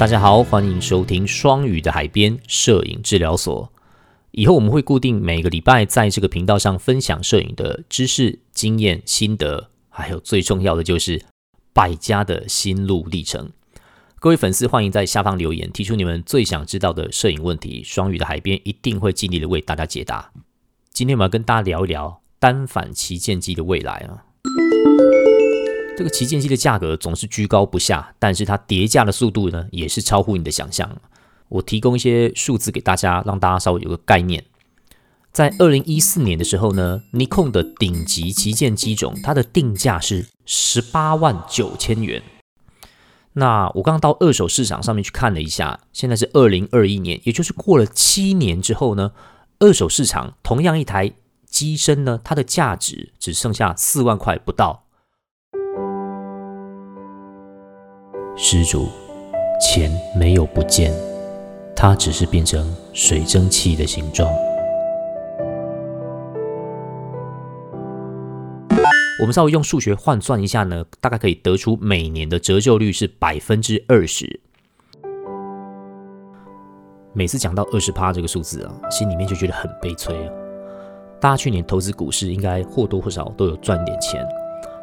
大家好，歡迎收聽《雙語的海邊攝影治療所》。以後我們會固定每個禮拜在這個頻道上分享攝影的知識、經驗、心得，還有最重要的就是敗家的心路歷程。各位粉絲，歡迎在下方留言，提出你們最想知道的攝影問題，《雙語的海邊》一定會盡力為大家解答。今天我們要跟大家聊一聊單反旗艦機的未來啊。這個旗艦機的價格總是居高不下，但是它疊價的速度呢，也是超乎你的想象。我提供一些數字給大家，讓大家稍微有個概念。在二零一四年的時候呢，尼 n 的頂級旗艦機種，它的定價是十八萬九千元。那我剛剛到二手市場上面去看了一下，現在是二零二一年，也就是過了七年之後呢，二手市場同樣一台機身呢，它的價值只剩下四萬塊不到。施主，錢沒有不見，它只是變成水蒸氣的形狀。我們稍微用數學換算一下呢，大概可以得出每年的折舊率是百分之二十。每次講到二十趴這個數字啊，心裡面就覺得很悲催啊。大家去年投資股市，應該或多或少都有賺點錢。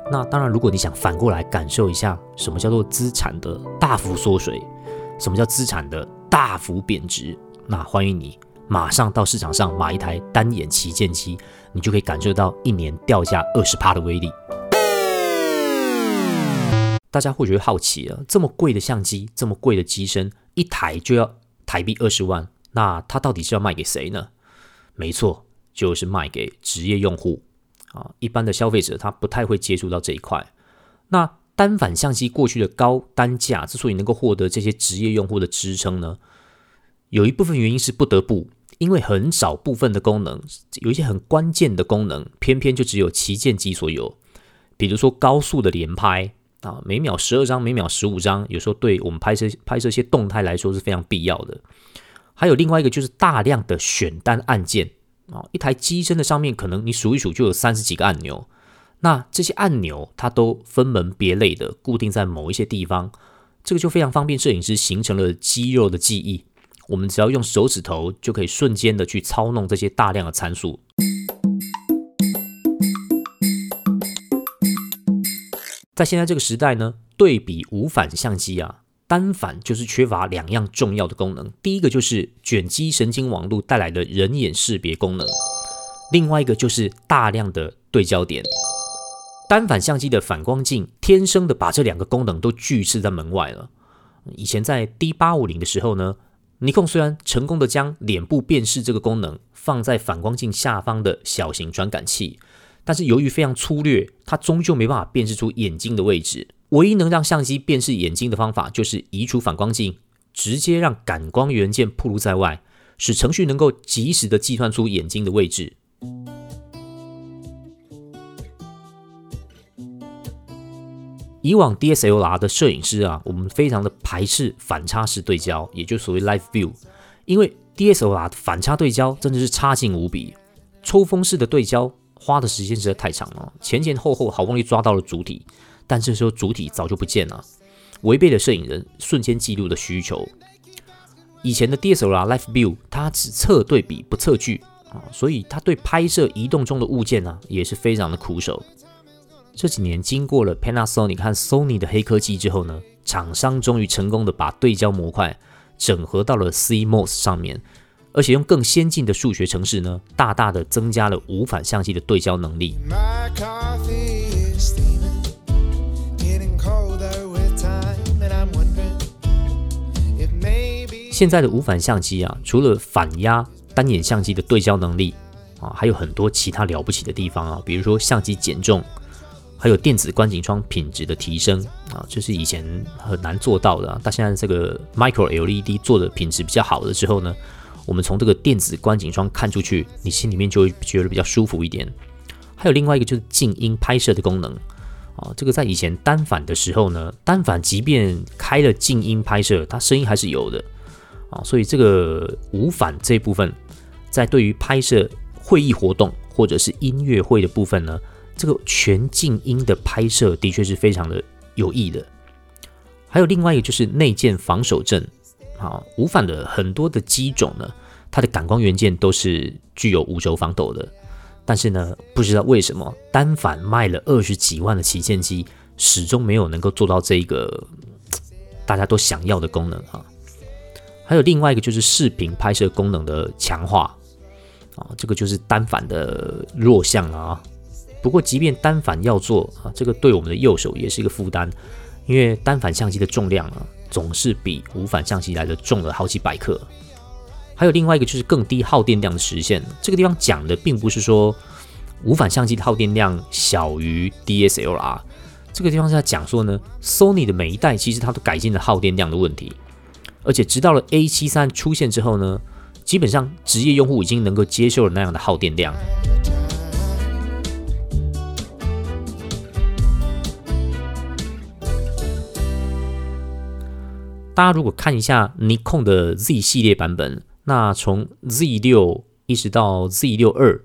那當然，如果你想反過來感受一下什麼叫做資產的大幅縮水，什麼叫資產的大幅貶值，那歡迎你馬上到市場上買一台單眼旗艦機，你就可以感受到一年掉價二十趴的威力。大家會覺得好奇啊，這麼貴的相機，這麼貴的機身，一台就要台幣二十萬，那它到底是要賣給誰呢？沒錯，就是賣給職業用戶。啊，一般的消費者他不太會接觸到這一塊。那單反相機過去的高單價之所以能夠獲得這些職業用戶的支撐呢，有一部分原因是不得不，因為很少部分的功能，有一些很關鍵的功能，偏偏就只有旗艦機所有。比如說高速的連拍啊，每秒十二張，每秒十五張，有時候對我們拍攝拍攝一些動態來說是非常必要的。還有另外一個就是大量的選單按鍵。啊，一台機身的上面可能你數一數就有三十幾個按鈕，那這些按鈕它都分門別類的固定在某一些地方，這個就非常方便攝影師形成了肌肉的記憶，我們只要用手指頭就可以瞬間的去操弄這些大量的參數。在現在這個時代呢，對比無反相機啊。單反就是缺乏兩樣重要的功能，第一個就是卷積神經網絡帶來的人眼識別功能，另外一個就是大量的對焦點。單反相機的反光鏡天生的把這兩個功能都拒斥在門外了。以前在 D 八五零的時候呢，尼康雖然成功的將臉部辨識這個功能放在反光鏡下方的小型傳感器，但是由於非常粗略，它終究沒辦法辨識出眼睛的位置。唯一能讓相機辨識眼睛的方法，就是移除反光鏡，直接讓感光元件暴露在外，使程序能夠及時的計算出眼睛的位置。以往 DSLR 的攝影師啊，我們非常的排斥反差式對焦，也就是所謂 Live View，因為 DSLR 反差對焦真的是差勁無比，抽風式的對焦，花的時間實在太長了，前前後後好不容易抓到了主體。但這時候主體早就不見了，違背了攝影人瞬間記錄的需求。以前的 DSLR、Life View，它只測對比不測距啊，所以它對拍攝移動中的物件呢，也是非常的苦手。這幾年經過了 Panasonic 和 Sony 的黑科技之後呢，廠商終於成功的把對焦模塊整合到了 CMOS 上面，而且用更先進的數學程式呢，大大的增加了無反相機的對焦能力。現在的無反相機啊，除了反壓單眼相機的對焦能力啊，還有很多其他了不起的地方啊，比如說相機減重，還有電子觀景窗品質的提升啊，這是以前很難做到的啊，但現在這個 Micro LED 做的品質比較好了之後呢，我們從這個電子觀景窗看出去，你心裡面就會覺得比較舒服一點。還有另外一個就是靜音拍攝的功能啊，這個在以前單反的時候呢，單反即便開了靜音拍攝，它聲音還是有的。啊，所以這個無反這一部分，在對於拍攝會議活動或者是音樂會的部分呢，這個全靜音的拍攝的確是非常的有益的。還有另外一個就是內建防手震，啊，無反的很多的機種呢，它的感光元件都是具有五軸防抖的，但是呢，不知道為什麼單反賣了二十幾萬的旗艦機，始終沒有能夠做到這一個大家都想要的功能哈。還有另外一個就是視頻拍攝功能的強化，啊，這個就是單反的弱項了啊。不過即便單反要做啊，這個對我們的右手也是一個負擔，因為單反相機的重量啊，總是比無反相機來的重了好幾百克。還有另外一個就是更低耗電量的實現。這個地方講的並不是說無反相機的耗電量小於 DSLR，這個地方是在講說呢，Sony 的每一代其實它都改進了耗電量的問題。而且，直到了 A 七三出現之後呢，基本上職業用戶已經能夠接受了那樣的耗電量。大家如果看一下 Nikon 的 Z 系列版本，那從 Z 六一直到 Z 六二。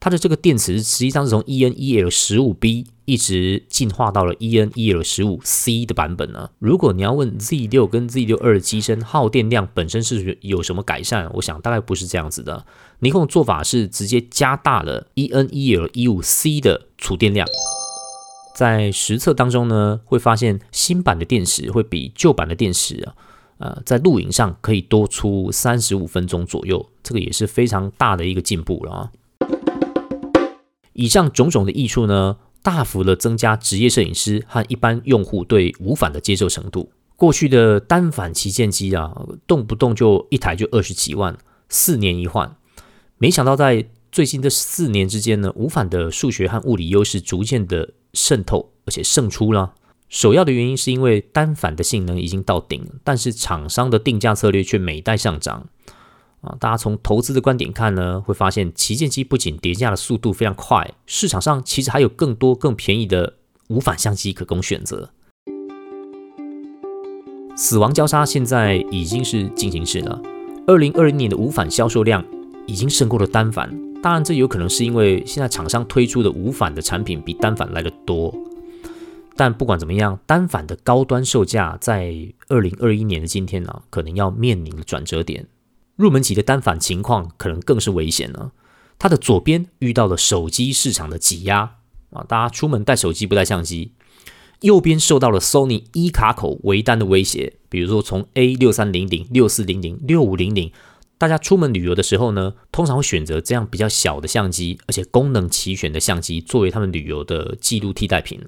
它的這個電池實際上是從 ENEL 十五 B 一直進化到了 ENEL 十五 C 的版本呢、啊。如果你要問 Z 六跟 Z 六二，機身耗電量本身是有什麼改善，我想大概不是這樣子的。尼康的做法是直接加大了 ENEL 十五 C 的儲電量。在實測當中呢，會發現新版的電池會比舊版的電池啊，呃，在錄影上可以多出三十五分鐘左右，這個也是非常大的一個進步了啊。以上種種的益處呢，大幅的增加職業攝影師和一般用戶對無反的接受程度。過去的單反旗艦機啊，動不動就一台就二十幾萬，四年一換。沒想到在最近這四年之間呢，無反的數學和物理優勢逐漸的滲透，而且勝出了啊。首要的原因是因為單反的性能已經到頂，但是廠商的定價策略卻每代上漲。啊，大家從投資的觀點看呢，會發現旗艦機不僅跌價的速度非常快，市場上其實還有更多更便宜的無反相機可供選擇。死亡交叉現在已經是進行式了。二零二零年的無反銷售量已經勝過了單反。當然，這有可能是因為現在廠商推出的無反的產品比單反來得多。但不管怎麼樣，單反的高端售價在二零二一年的今天呢，啊，可能要面臨轉折點。入門級的單反情況可能更是危險了。它的左邊遇到了手機市場的擠壓啊，大家出門帶手機不帶相機；右邊受到了 Sony E 卡口微單的威脅，比如說從 A 六三零零、六四零零、六五零零，大家出門旅遊的時候呢，通常會選擇這樣比較小的相機，而且功能齊全的相機作為他們旅遊的記錄替代品。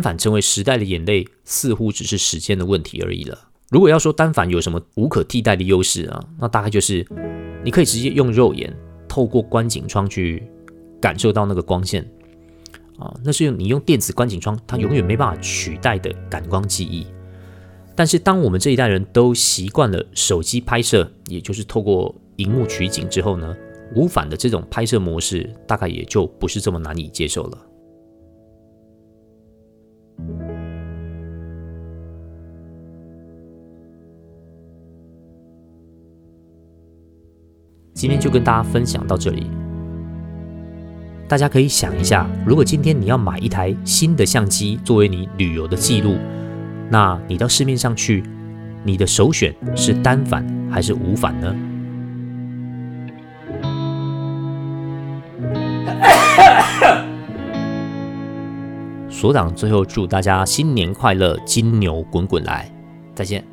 單反成為時代的眼淚，似乎只是時間的問題而已了。如果要說單反有什麼無可替代的優勢啊，那大概就是你可以直接用肉眼透過觀景窗去感受到那個光線啊，那是用你用電子觀景窗它永遠沒辦法取代的感光記憶。但是當我們這一代人都習慣了手機拍攝，也就是透過熒幕取景之後呢，無反的這種拍攝模式大概也就不是這麼難以接受了。今天就跟大家分享到這裡。大家可以想一下，如果今天你要買一台新的相機作為你旅遊的記錄，那你到市面上去，你的首選是單反還是無反呢？所長最後祝大家新年快樂，金牛滾滾來！再見。